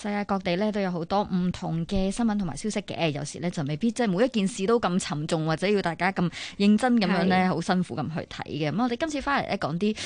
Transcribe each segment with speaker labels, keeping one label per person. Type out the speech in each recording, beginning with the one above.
Speaker 1: 世界各地咧都有好多唔同嘅新聞同埋消息嘅，有時咧就未必即係每一件事都咁沉重或者要大家咁認真咁樣咧，好辛苦咁去睇嘅。咁我哋今次翻嚟咧講啲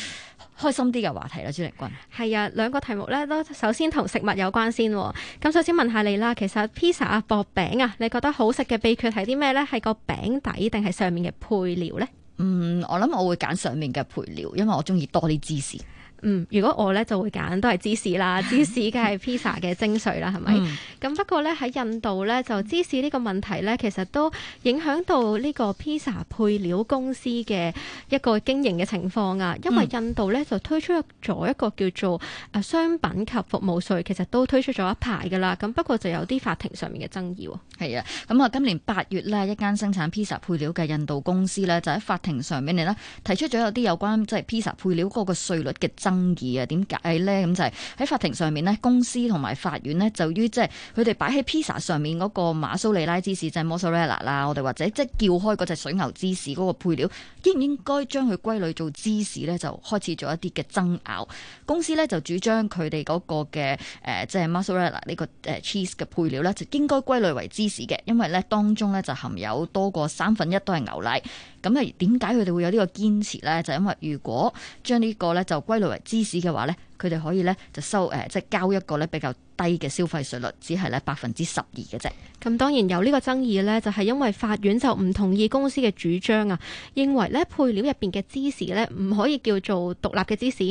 Speaker 1: 開心啲嘅話題啦，朱力君。
Speaker 2: 係啊，兩個題目咧都首先同食物有關先。咁首先問下你啦，其實披薩啊、薄餅啊，你覺得好食嘅秘訣係啲咩呢？係個餅底定係上面嘅配料呢？
Speaker 1: 嗯，我諗我會揀上面嘅配料，因為我中意多啲芝士。
Speaker 2: 嗯，如果我咧就會揀都係芝士啦，芝士梗係 pizza 嘅精髓啦，係咪？咁不過咧喺印度咧就芝士呢個問題咧，其實都影響到呢個 pizza 配料公司嘅一個經營嘅情況啊。因為印度咧就推出咗一個叫做誒商品及服務
Speaker 1: 稅，其實都推出咗一排噶啦。咁不過就有啲法庭上面嘅爭議喎。係啊，咁啊、嗯、今年八月咧，一間生產 pizza 配料嘅印度公司咧就喺法庭上面嚟啦，提出咗有啲有關即係、就是、pizza 配料嗰個稅率嘅爭。爭議啊，點解咧？咁就係喺法庭上面咧，公司同埋法院咧，就於即係佢哋擺喺披薩上面嗰個馬蘇里拉芝士，即係 mozzarella 啦，我哋或者即係叫開嗰隻水牛芝士嗰個配料，應唔應該將佢歸類做芝士咧？就開始做一啲嘅爭拗。公司咧就主張佢哋嗰個嘅誒，即係 mozzarella 呢個誒 cheese 嘅配料咧，就應該歸類為芝士嘅，因為咧當中咧就含有多過三分一都係牛奶。咁啊，點解佢哋會有呢個堅持咧？就因為如果將呢個咧就歸類芝士嘅話咧。佢哋可以呢，就收誒，即係交一個呢比較低嘅消費稅率，只係呢百分之十二嘅啫。咁當然有呢個爭議呢，
Speaker 2: 就係因為法院就唔同意公司嘅主張啊，認為呢配料入邊嘅芝士呢唔可以叫做獨立嘅芝士，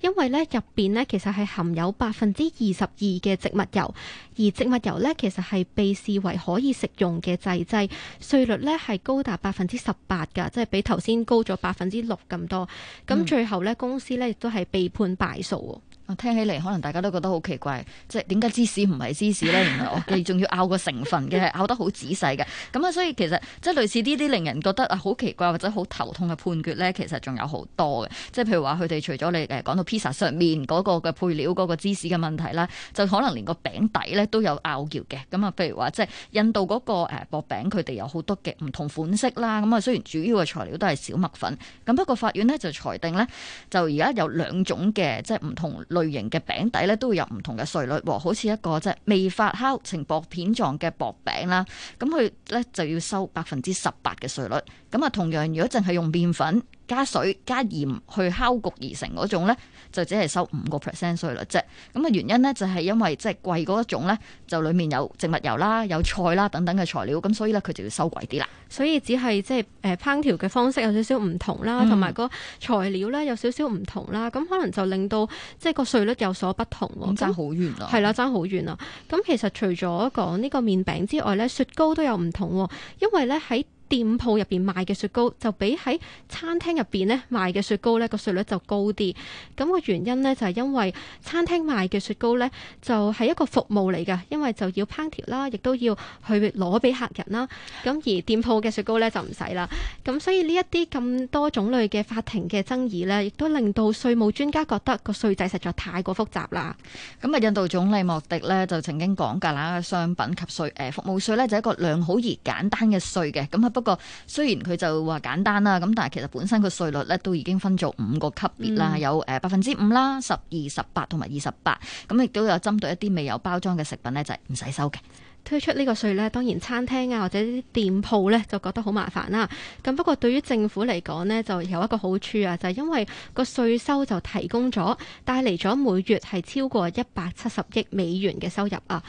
Speaker 2: 因為呢入邊呢其實係含有百分之二十二嘅植物油，而植物油呢，其實係被視為可以食用嘅製劑，稅率呢，係高達百分之十八㗎，即係比頭先高咗百分之六咁多。
Speaker 1: 咁最後呢，公司呢亦都係被判敗訴喎。嗯。聽起嚟可能大家都覺得好奇怪，即係點解芝士唔係芝士咧？ 原來我哋仲要拗個成分嘅，係拗 得好仔細嘅。咁啊，所以其實即係類似呢啲令人覺得啊好奇怪或者好頭痛嘅判決咧，其實仲有好多嘅。即係譬如話，佢哋除咗你誒講到披薩上面嗰個嘅配料嗰個芝士嘅問題啦，就可能連個餅底咧都有拗撬嘅。咁啊，譬如話即係印度嗰個誒薄餅，佢哋有好多嘅唔同款式啦。咁啊，雖然主要嘅材料都係小麥粉，咁不過法院咧就裁定咧，就而家有兩種嘅即係唔同。類型嘅餅底咧都會有唔同嘅稅率，好似一個即係未發酵、呈薄片狀嘅薄餅啦，咁佢咧就要收百分之十八嘅稅率。咁啊，同樣如果淨係用麵粉。加水加鹽去烤焗而成嗰種咧，就只係收五個 percent 稅率啫。咁嘅原因咧，就係因為即係貴嗰一種咧，就裡面有植物油啦、有菜啦等等嘅材料，咁所以咧佢就要收貴啲啦。所以只係即係誒烹調嘅方式有少少唔同啦，同埋個
Speaker 2: 材料咧有少少唔同啦，咁可能就令到即係個稅率有所不同喎。嗯、爭好遠啊！係啦，爭好遠啊！咁其實除咗講呢個麵餅之外咧，雪糕都有唔同喎，因為咧喺店鋪入邊賣嘅雪糕就比喺餐廳入邊呢賣嘅雪糕呢個稅率就高啲，咁個原因呢，就係因為餐廳賣嘅雪糕呢，就係一個服務嚟嘅，因為就要烹調啦，亦都要去攞俾客人啦。咁而店鋪嘅雪糕呢，就唔使啦。咁所以呢一啲咁多種類嘅法庭嘅
Speaker 1: 爭議呢，亦都令到稅務專家覺得個稅制實在太過複雜啦。咁啊，印度總理莫迪呢，就曾經講㗎啦，商品及稅誒服務稅呢，就係一個良好而簡單嘅稅嘅。咁啊不過雖然佢就話簡單啦，咁但係其實本身個稅率咧都已經分咗五個級別啦，嗯、有誒百分之五啦、十二、十八同埋二十八，咁亦都有針對一啲未有包裝嘅食品咧，就係唔使收嘅。推出呢個稅咧，當然餐廳啊或者啲
Speaker 2: 店鋪咧就覺得好麻煩啦，啊。咁不過對於政府嚟講咧，就有一個好處啊，就係、是、因為個稅收就提供咗帶嚟咗每月係超過一百七十億美元嘅收入啊。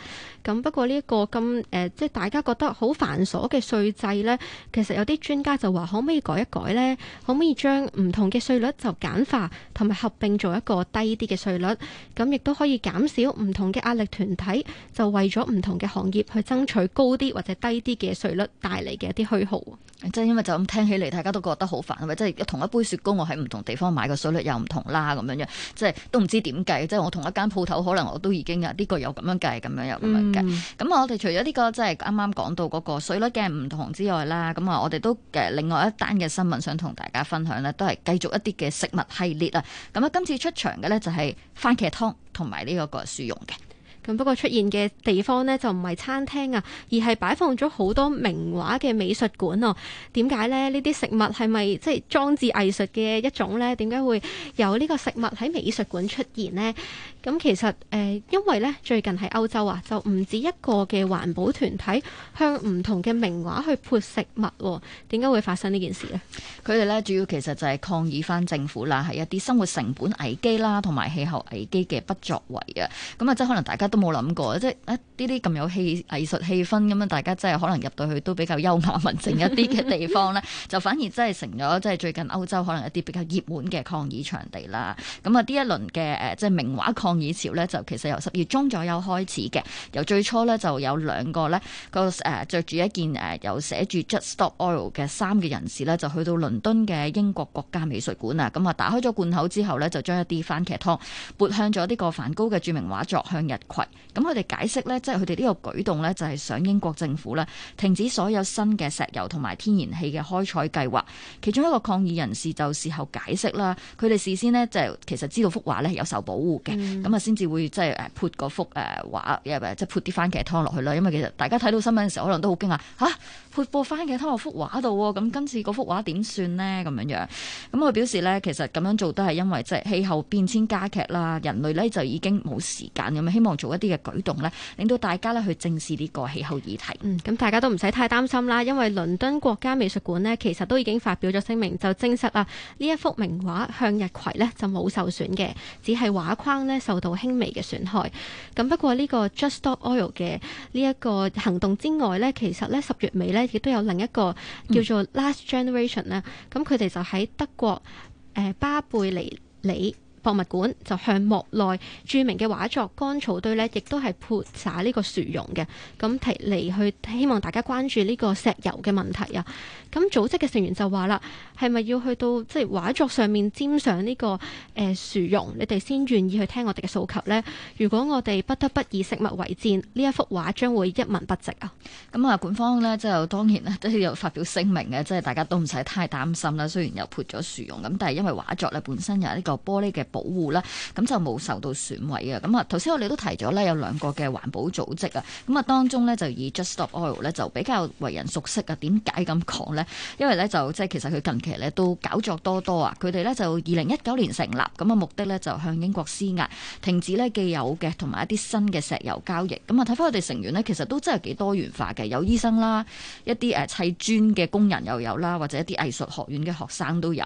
Speaker 2: 咁不過呢、這、一個咁誒、呃、即係大家覺得好繁瑣嘅稅制咧，其實有啲專家就話可唔可以改一改咧？可唔可以將唔同嘅稅率就簡化同埋合併做一個低啲嘅稅率？咁亦都可以減少唔同嘅壓力團體就為咗唔同嘅行業。去爭取高啲或者低啲嘅稅率
Speaker 1: 帶嚟嘅一啲虛耗，即係因為就咁聽起嚟，大家都覺得好煩啊！咪即係同一杯雪糕，我喺唔同地方買嘅稅率又唔同啦，咁樣樣，即係都唔知點計。即係我同一間鋪頭，可能我都已經啊，呢、這個又咁樣計，咁樣又咁樣計。咁啊、嗯，我哋除咗呢、這個即係啱啱講到嗰個稅率嘅唔同之外啦，咁啊，我哋都嘅另外一單嘅新聞想同大家分享咧，都係繼續一啲嘅食物系列啊。咁啊，今次出場嘅咧就係蕃茄湯同埋呢個個薯蓉
Speaker 2: 嘅。咁不過出現嘅地方咧，就唔係餐廳啊，而係擺放咗好多名畫嘅美術館哦、啊。點解咧？呢啲食物係咪即係裝置藝術嘅一種咧？點解會有呢個食物喺美術館出現咧？咁其實誒因為咧最近喺歐洲啊，就唔止一個嘅環保團體向唔同嘅名畫去潑食物，點解會發生呢件事咧？
Speaker 1: 佢哋咧主要其實就係抗議翻政府啦，係一啲生活成本危機啦，同埋氣候危機嘅不作為啊！咁啊，即係可能大家都冇諗過，即係一啲啲咁有氣藝術氣氛咁樣大家真係可能入到去都比較優雅文靜一啲嘅地方咧， 就反而真係成咗即係最近歐洲可能一啲比較熱門嘅抗議場地啦。咁啊，呢一輪嘅誒即係名畫抗。抗議潮咧就其實由十月中左右開始嘅，由最初咧就有兩個咧個誒着住一件誒有寫住 Just Stop Oil 嘅衫嘅人士咧就去到倫敦嘅英國國家美術館啊，咁、嗯、啊打開咗罐口之後咧就將一啲番茄湯潑向咗呢個梵高嘅著名畫作《向日葵》嗯，咁佢哋解釋咧即係佢哋呢個舉動咧就係、是、想英國政府咧停止所有新嘅石油同埋天然氣嘅開採計劃，其中一個抗議人士就事後解釋啦，佢哋事先呢，就其實知道幅畫咧有受保護嘅。嗯咁啊，先至會即係誒潑嗰幅誒畫，因即係潑啲番茄湯落去啦。因為其實大家睇到新聞嘅時候，可能都好驚訝吓。撥播翻嘅湯落幅畫度喎，咁今次嗰幅畫點算呢？咁樣樣，咁我表示呢，其實咁樣做都係因為即係氣候變遷加劇啦，人類呢，就已經冇時間咁樣，希望做一啲嘅舉動呢，令到大家呢去正視呢個氣候議題。嗯，咁大家都唔使太擔心
Speaker 2: 啦，因為倫敦國家美術館呢，其實都已經發表咗聲明，就證實啦呢一幅名畫《向日葵》呢，就冇受損嘅，只係畫框呢受到輕微嘅損害。咁不過呢個 Just Stop Oil 嘅呢一個行動之外呢，其實呢十月尾呢。亦都有另一個叫做 Last Generation 咧、嗯，咁佢哋就喺德國誒、呃、巴貝尼里博物館就向莫內著名嘅畫作《乾草堆》咧，亦都係潑灑呢個薯蓉嘅，咁提嚟去希望大家關注呢個石油嘅問題啊！咁組織嘅成員就話啦，係咪要去到即係畫作上面沾上呢個誒薯蓉，你哋先願意去聽我哋嘅訴求呢？如果我哋不
Speaker 1: 得不以食物為戰，呢一幅畫將會一文不值啊！咁啊，官方呢，即係當然咧都有發表聲明嘅，即係大家都唔使太擔心啦。雖然又潑咗薯蓉，咁但係因為畫作咧本身有呢個玻璃嘅保護啦，咁就冇受到損毀嘅。咁啊，頭先我哋都提咗啦，有兩個嘅環保組織啊，咁啊當中呢，就以 Just Stop Oil 咧就比較為人熟悉啊。點解咁講呢？因為咧就即係其實佢近期咧都搞作多多啊！佢哋咧就二零一九年成立，咁嘅目的咧就向英國施壓，停止咧既有嘅同埋一啲新嘅石油交易。咁啊，睇翻佢哋成員呢，其實都真係幾多元化嘅，有醫生啦，一啲誒砌磚嘅工人又有啦，或者一啲藝術學院嘅學生都有。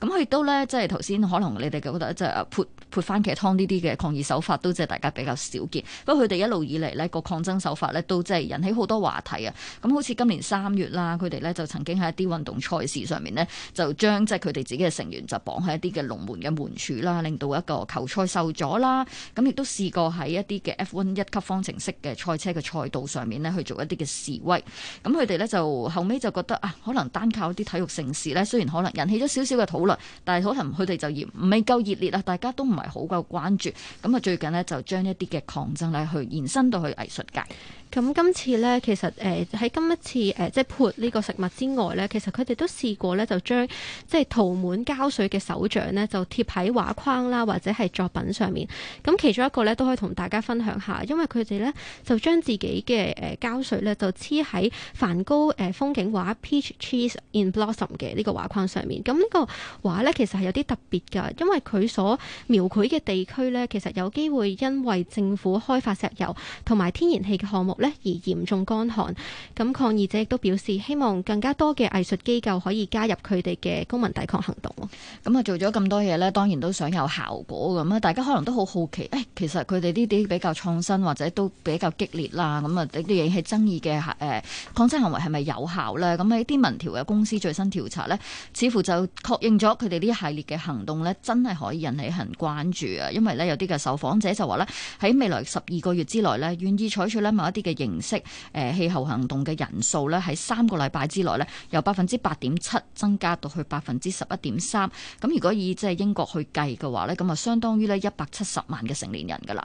Speaker 1: 咁佢亦都咧即係頭先可能你哋覺得即係潑潑番茄湯呢啲嘅抗議手法，都即係大家比較少見。不過佢哋一路以嚟呢個抗爭手法咧都即係引起好多話題啊！咁好似今年三月啦，佢哋咧就曾經。喺一啲運動賽事上面呢，就將即係佢哋自己嘅成員就綁喺一啲嘅龍門嘅門柱啦，令到一個球賽受阻啦。咁亦都試過喺一啲嘅 F1 一級方程式嘅賽車嘅賽道上面呢，去做一啲嘅示威。咁佢哋呢，就後尾就覺得啊，可能單靠啲體育盛事呢，雖然可能引起咗少少嘅討論，但係可能佢哋就唔係夠熱烈啊，大家都唔係好夠關注。咁啊，最近呢，就將一啲嘅抗爭呢，去延伸到去藝術界。咁、嗯、今次咧，其實誒、喺、呃、今一次誒、呃、即係
Speaker 2: 潑呢個食物之外咧，其實佢哋都試過咧，就將即係塗滿膠水嘅手掌咧，就貼喺畫框啦，或者係作品上面。咁、嗯、其中一個咧都可以同大家分享下，因為佢哋咧就將自己嘅誒膠水咧就黐喺梵高誒、呃、風景畫《Peach Trees in Blossom》嘅呢個畫框上面。咁、嗯、這個、呢個畫咧其實係有啲特別㗎，因為佢所描繪嘅地區咧，其實有機會因為政府開發石油同埋天然氣嘅項目，咧而嚴重乾旱，咁抗議者亦都表示
Speaker 1: 希望更加多嘅藝術機構可以加入佢哋嘅公民抵抗行動。咁啊、嗯、做咗咁多嘢呢，當然都想有效果咁啊！大家可能都好好奇，誒、哎、其實佢哋呢啲比較創新或者都比較激烈啦，咁啊呢啲引起爭議嘅誒、呃、抗爭行為係咪有效咧？咁喺啲民調嘅公司最新調查呢，似乎就確認咗佢哋呢一系列嘅行動呢，真係可以引起人關注啊！因為呢，有啲嘅受訪者就話呢，喺未來十二個月之內呢，願意採取呢某一啲嘅形式，誒，氣候行動嘅人數咧，喺三個禮拜之內咧，由百分之八點七增加到去百分之十一點三。咁如果以即係英國去計嘅話咧，咁啊相當於咧一百七十萬嘅成年人㗎喇。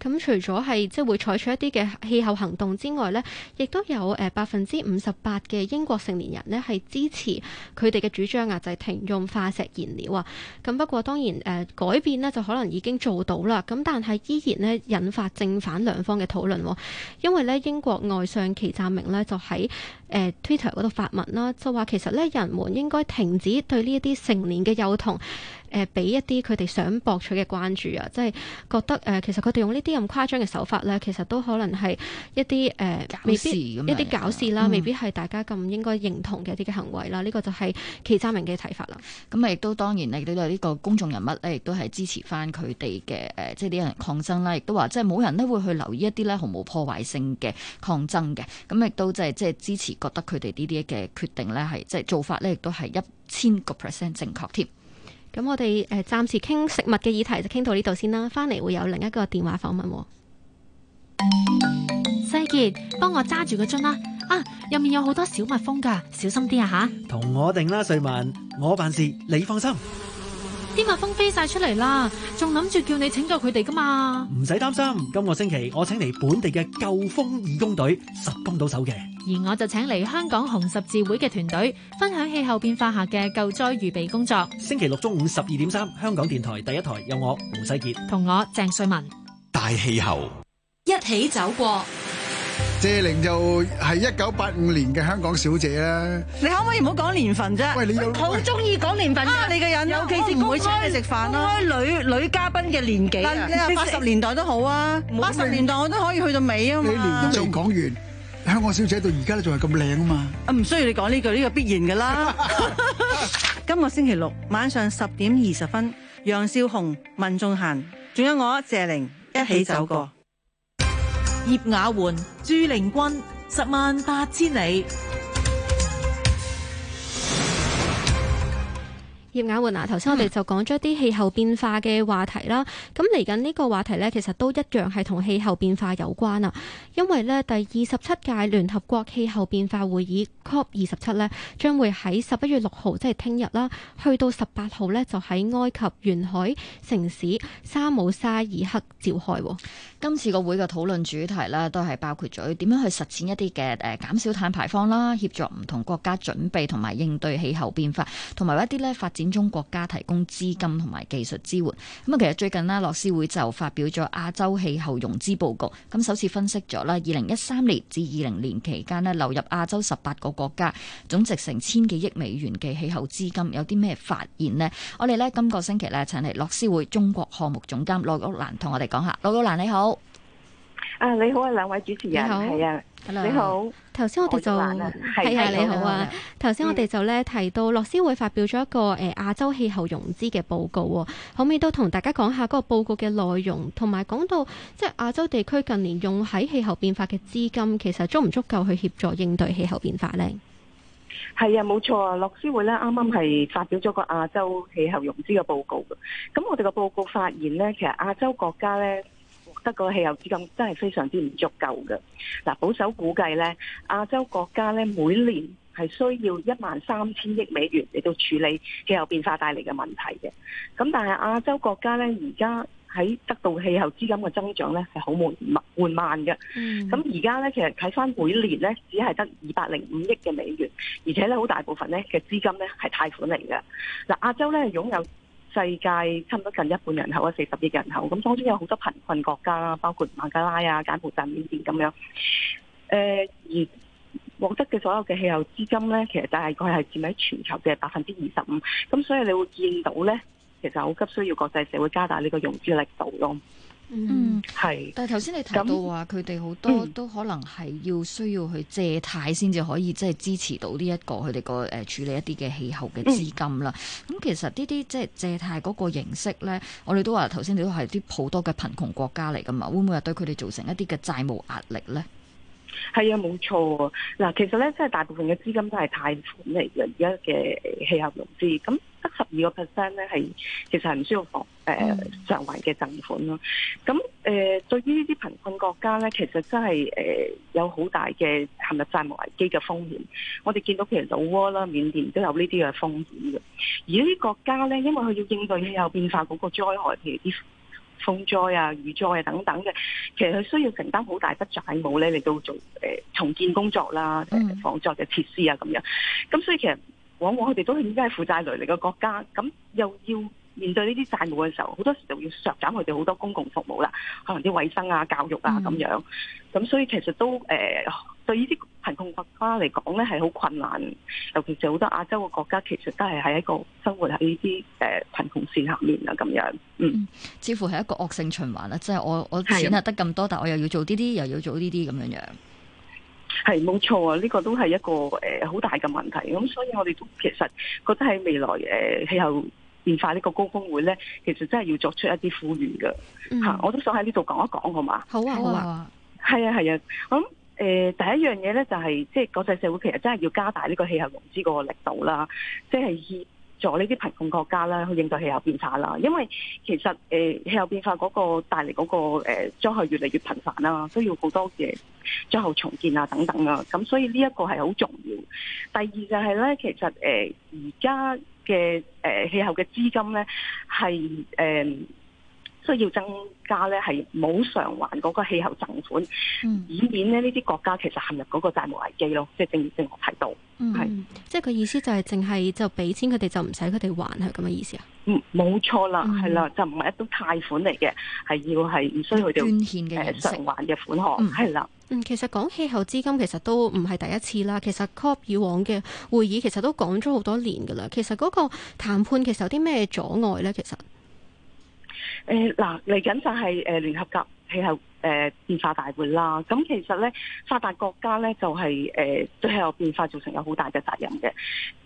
Speaker 1: 咁、嗯、除咗
Speaker 2: 係即係會採取一啲嘅氣候行動之外呢，亦都有誒百分之五十八嘅英國成年人呢係支持佢哋嘅主張啊，就係、是、停用化石燃料啊。咁、嗯、不過當然誒、呃、改變呢就可能已經做到啦。咁但係依然呢引發正反兩方嘅討論，啊，因為呢英國外相祁湛明呢就喺誒、呃、Twitter 嗰度發文啦，啊，就話其實呢人們應該停止對呢啲成年嘅幼童。誒俾一啲佢哋想博取嘅關注啊，即係覺得誒、呃，其實佢哋用呢啲咁誇張嘅手法咧，其實都可能係一啲誒，呃、搞事 未必這樣 一啲搞事啦，嗯、未必係大家咁
Speaker 1: 應該認同嘅一啲嘅行為啦。呢、這個就係其他人嘅睇法啦。咁亦都當然，你對呢個公眾人物，你亦都係支持翻佢哋嘅誒，即係啲人抗爭啦，亦都話即係冇人咧會去留意一啲咧毫無破壞性嘅抗爭嘅。咁亦都即係即係支持，覺得佢哋呢啲嘅決定咧係即係做法咧，亦都係一千個 percent 正確添。咁我
Speaker 2: 哋誒，暫時傾食物嘅議題就傾到呢度先啦。翻嚟會有另一個電話訪問。西杰，幫我揸住個樽啦！啊，入面有好多小蜜蜂噶，小心啲啊吓！
Speaker 1: 同我定啦，瑞文，我辦事，你放心。
Speaker 2: 啲蜜蜂飛晒出嚟啦，仲諗住叫你拯救佢哋噶嘛。
Speaker 1: 唔使擔心，今個星期我請嚟本地嘅救蜂義工隊，實幫到手嘅。而我就請嚟香港紅十字會嘅團隊，分享氣候變化下嘅救災預備工作。星期六中午十二點三，香港電台第一台有我胡世傑同我鄭瑞文，大氣候
Speaker 2: 一起走過。
Speaker 1: 謝玲就係一九八五年嘅香港小
Speaker 2: 姐啦。你可唔可以唔好講年份啫？喂，好中意講年份啊！你嘅人，尤其是公開請你食飯咯，開女
Speaker 3: 女嘉賓嘅年紀。但係你話八十年代都好啊，八十年代我都可以去到尾啊嘛。你年份講完，香港小姐到而家都仲係咁靚啊嘛。啊，唔需要你講呢句，呢個必然㗎啦。今個星期六晚上十點二十分，楊少雄、文仲恒，仲有我謝玲，一起走過。
Speaker 2: 葉雅媛、朱玲君，十萬八千里。葉雅媛嗱、啊，頭先我哋就講咗一啲氣候變化嘅話題啦。咁嚟緊呢個話題呢，其實都一樣係同氣候變化有關啊。因為呢，第二十七屆聯合國氣候變化會議 （COP 二十七）呢，將會喺十一月六號，即係聽日啦，去到十八號呢，就喺
Speaker 1: 埃及沿海城市沙姆沙伊赫召開。今次個會嘅討論主題呢，都係包括咗點樣去實踐一啲嘅誒減少碳排放啦，協助唔同國家準備同埋應對氣候變化，同埋一啲呢發展展中國家提供資金同埋技術支援。咁啊，其實最近咧，樂施會就發表咗亞洲氣候融資報告。咁首次分析咗咧，二零一三年至二零年期間咧，流入亞洲十八個國家，總值成千幾億美元嘅氣候資金，有啲咩發現呢？我哋咧今個星期咧，請嚟樂施會中國項目總監羅玉蘭同我哋講下。羅玉蘭你好。
Speaker 2: 啊，你好啊，兩位主持人，係啊，你好，頭先我哋就係啊，你好啊，頭先、啊、我哋就咧提到樂施會發表咗一個誒亞、呃、洲氣候融資嘅報告，嗯、可唔可以都同大家講下嗰個報告嘅內容，同埋講到即係亞洲地區近年用喺氣候變化嘅資金，其實足唔足夠去協助應對氣候變化呢？
Speaker 3: 係啊，冇錯啊，樂施會咧啱啱係發表咗個亞洲氣候融資嘅報告噶，咁我哋個報告發現呢，其實亞洲國家呢。得個氣候資金真係非常之唔足夠嘅。嗱，保守估計咧，亞洲國家咧每年係需要一萬三千億美元嚟到處理氣候變化帶嚟嘅問題嘅。咁但係亞洲國家咧而家喺得到氣候資金嘅增長咧係好緩慢，緩慢嘅。嗯。咁而家咧其實睇返每年咧只係得二百零五億嘅美元，而且咧好大部分咧嘅資金咧係貸款嚟嘅。嗱，亞洲咧擁有世界差唔多近一半人口啊，四十億人口咁，當中有好多貧困國家啦，包括孟加拉啊、柬埔寨、緬甸咁樣，呃，而獲得嘅所有嘅氣候資金呢，其實就係佢係佔喺全球嘅百分之二十五，咁所以你會見到呢，其實好急需要國際社會加大呢個融資力度咯。嗯，
Speaker 1: 係是。但係頭先你提到話，佢哋好多都可能係要需要去借貸先至可以，即係支持到呢一個佢哋個誒處理一啲嘅氣候嘅資金啦。咁、嗯、其實呢啲即係借貸嗰個形式咧，我哋都話頭先你都係啲好多嘅貧窮國家嚟噶嘛，會唔會係對佢哋造成一啲嘅債務壓力咧？
Speaker 3: 係啊，冇錯嗱，其實咧，即係大部分嘅資金都係貸款嚟嘅，而家嘅氣候融資，咁得十二個 percent 咧，係其實係唔需要放誒償還嘅贈款咯。咁誒，對於呢啲貧困國家咧，其實真係誒有好、嗯呃、大嘅陷入債務危機嘅風險。我哋見到譬如老撾啦、緬甸都有呢啲嘅風險嘅。而呢啲國家咧，因為佢要應對氣候變化嗰個災害，譬如啲。風災啊、雨災啊等等嘅，其實佢需要承擔好大筆債務咧嚟到做誒、呃、重建工作啦，誒防災嘅設施啊咁樣，咁所以其實往往佢哋都係已經係負債累累嘅國家，咁又要。面對呢啲債務嘅時候，好多時就要削減佢哋好多公共服務啦，可能啲衞生啊、教育啊咁樣。咁、嗯、所以其實都誒、呃，對呢啲貧窮國家嚟講咧，係好困難。尤其是好多亞洲嘅國家，其實都係喺一個生活喺呢啲誒貧窮線下面啊，咁樣。嗯，
Speaker 1: 嗯似乎係一個惡性循環啦，即、就、係、是、我我錢係得咁多，的但我又要做呢啲，又要做呢啲咁樣樣。
Speaker 3: 係冇錯啊，呢、這個都係一個誒好大嘅問題。咁所以我哋都其實覺得喺未來誒氣候變化呢個高峰會呢，其實真係要作出一啲呼籲噶吓，嗯、我都想喺呢度講一講，好嘛？好啊，好啊，係啊，係啊。咁、嗯、誒、呃，第一樣嘢呢，就係、是，即係國際社會其實真係要加大呢個氣候融資嗰個力度啦，即係協助呢啲貧困國家啦去應對氣候變化啦。因為其實誒氣、呃、候變化嗰、那個帶嚟嗰個誒災害越嚟越頻繁啦，需要好多嘢災後重建啊等等啊。咁所以呢一個係好重要。第二就係呢，其實誒而家。呃嘅誒氣候嘅資金咧，係誒。嗯需要增加咧，係冇償還嗰個氣候贈款，嗯、以免咧呢啲國家其實陷入嗰個債務危機咯。即係正正我提到，
Speaker 2: 嗯，是即係佢意思就係淨係就俾錢佢哋，就唔使佢哋還，係咁嘅意思啊？冇錯啦，係啦，就唔係一種貸款嚟嘅，係要係唔需要佢哋捐獻嘅、呃、償
Speaker 3: 還嘅款項，係
Speaker 2: 啦、嗯。了嗯，其實講氣候資金其實都唔係第一次啦。其實 Cop 以往嘅會議其實都講咗好多年噶啦。其實嗰個談判其實有啲咩阻礙咧？其實。
Speaker 3: 誒嗱，嚟緊 就係誒聯合國氣候誒變化大會啦。咁其實咧，發達國家咧就係誒對氣候變化造成有好大嘅責任嘅。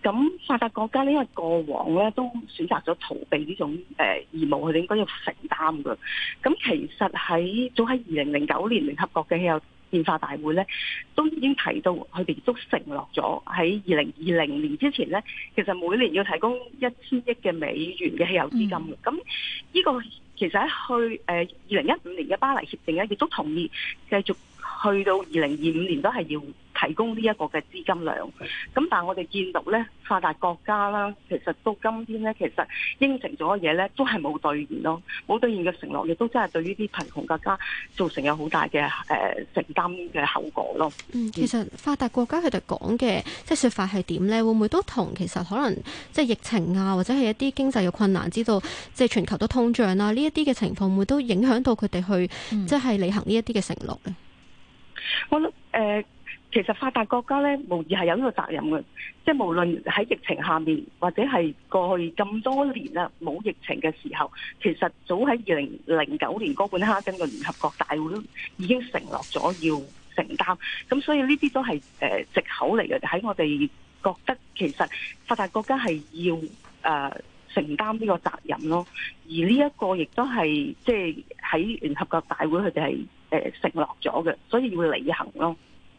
Speaker 3: 咁發達國家咧，因為過往咧都選擇咗逃避呢種誒、呃、義務，佢哋應該要承擔㗎。咁其實喺早喺二零零九年聯合國嘅氣候變化大會咧，都已經提到佢哋都承諾咗喺二零二零年之前咧，其實每年要提供一千億嘅美元嘅氣候資金嘅。咁呢、嗯呢個其實喺去誒二零一五年嘅巴黎協定咧，亦都同意繼續，去到二零二五年都係要提供呢一個嘅資金量咁，但係我哋見到咧，發達國家啦，其實到今天咧，其實應承咗嘅嘢咧都係冇兌現咯，冇兌現嘅承諾亦都真係對呢啲貧窮國家造成有好大嘅誒、呃、承擔嘅後果咯。嗯，
Speaker 2: 其實發達國家佢哋講嘅即係說法係點咧？會唔會都同其實可能即係疫情啊，或者係一啲經濟嘅困難，知道即係全球都通脹啦呢一啲嘅情況，會都影響到佢哋去即係履行呢一啲嘅承諾？
Speaker 3: 我諗誒，其實發達國家咧，無疑係有呢個責任嘅，即係無論喺疫情下面，或者係過去咁多年啊冇疫情嘅時候，其實早喺二零零九年哥本哈根嘅聯合國大會已經承諾咗要承擔，咁所以呢啲都係誒借口嚟嘅，喺我哋覺得其實發達國家係要誒、呃、承擔呢個責任咯，而呢一個亦都係即係喺聯合國大會佢哋係。
Speaker 1: 誒，承諾咗嘅，所以要履行咯。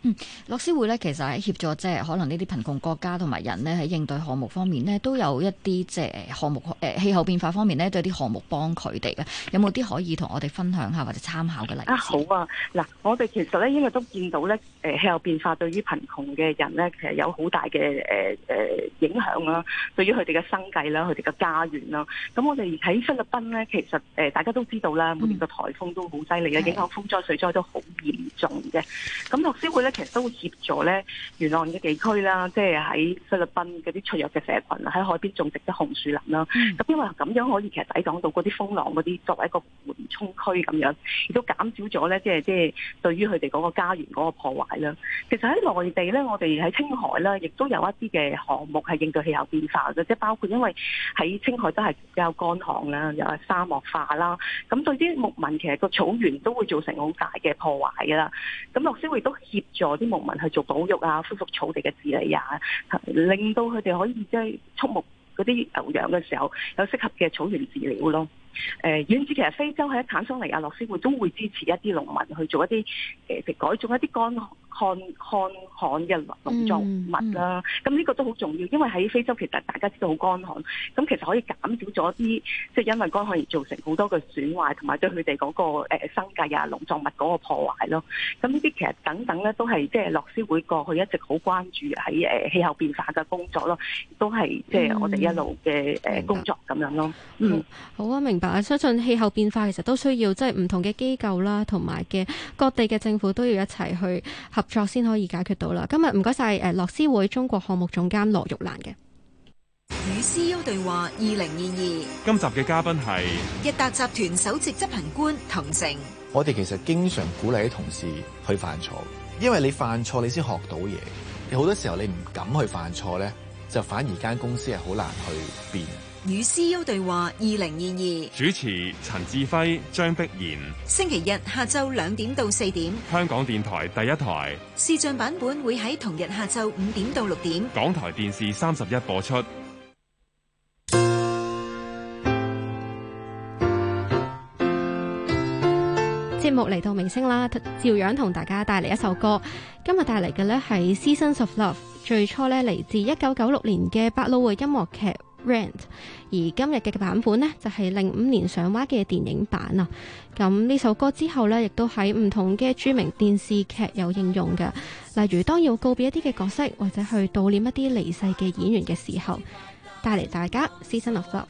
Speaker 1: 嗯，樂施會咧，其實喺協助即係可能呢啲貧窮國家同埋人咧，喺應對項目方面咧，都有一啲即係誒項目誒、呃、氣候變化方面咧，都有啲項目幫佢哋嘅，有冇啲可以同我哋分享下或者參考嘅例子啊？好啊，
Speaker 3: 嗱，我哋其實咧，因為都見到咧。誒氣候變化對於貧窮嘅人咧，其實有好大嘅誒誒影響啦。對於佢哋嘅生計啦，佢哋嘅家園啦，咁我哋喺菲律賓咧，其實誒、呃、大家都知道啦，每年嘅颱風都好犀利嘅，影響風災水災都好嚴重嘅。咁樂施會咧，其實都會協助咧，沿岸嘅地區啦，即係喺菲律賓嗰啲脆弱嘅社群啊，喺海邊種植啲紅樹林啦。咁因為咁樣可以其實抵擋到嗰啲風浪，嗰啲作為一個緩衝區咁樣，亦都減少咗咧，即係即係對於佢哋嗰個家園嗰個破壞。係啦，其實喺內地咧，我哋喺青海咧，亦都有一啲嘅項目係應對氣候變化嘅，即係包括因為喺青海都係比較乾旱啦，又係沙漠化啦，咁對啲牧民其實個草原都會造成好大嘅破壞噶啦，咁樂施會都協助啲牧民去做保育啊，恢復草地嘅治理啊，令到佢哋可以即係、就是、畜牧嗰啲牛羊嘅時候有適合嘅草原飼料咯。誒、呃，遠至其實非洲喺坦桑尼亞，樂施會都會支持一啲農民去做一啲誒、呃、改種一啲乾。旱旱旱嘅農作物啦、啊，咁呢、嗯嗯、個都好重要，因為喺非洲其實大家知道好乾旱，咁其實可以減少咗啲即係因為乾旱而造成好多嘅損壞，同埋對佢哋嗰個誒、呃、生計啊、農作物嗰個破壞咯。咁呢啲其實等等咧，都係即係樂施會過去一直好關注喺誒、呃、氣候變化嘅工作咯，都係即係我哋一路嘅誒工作咁樣咯。嗯，嗯
Speaker 2: 好啊，明白啊！相信氣候變化其實都需要即係唔同嘅機構啦，同埋嘅各地嘅政府都要一齊去合。作先可以解決到啦。今日唔該晒誒，樂施會中國項目總監羅玉蘭嘅。與 CEO 對話二零二二。
Speaker 1: 今集嘅嘉賓係
Speaker 2: 日達集團首席執行官滕城。
Speaker 1: 我哋其實經常鼓勵啲同事去犯錯，因為你犯錯你先學到嘢。你好多時候你唔敢去犯錯咧，就反而間公司係好難去變。
Speaker 2: 與 CEO 對話二零二二，
Speaker 1: 主持陳志輝、張碧然。
Speaker 2: 星期日下晝兩點到四點，
Speaker 3: 香港電台第一台
Speaker 2: 視像版本會喺同日下晝五點到六點，
Speaker 3: 港台電視三十一播出。
Speaker 2: 節目嚟到尾聲啦，照樣同大家帶嚟一首歌。今日帶嚟嘅呢係《Seasons of Love》，最初呢嚟自一九九六年嘅百老匯音樂劇。Rent, 而今日嘅版本呢，就係零五年上畫嘅電影版啊。咁呢首歌之後呢，亦都喺唔同嘅著名電視劇有應用嘅，例如當要告別一啲嘅角色，或者去悼念一
Speaker 1: 啲離世嘅演員嘅時候，帶嚟大家《Seasons of Love》。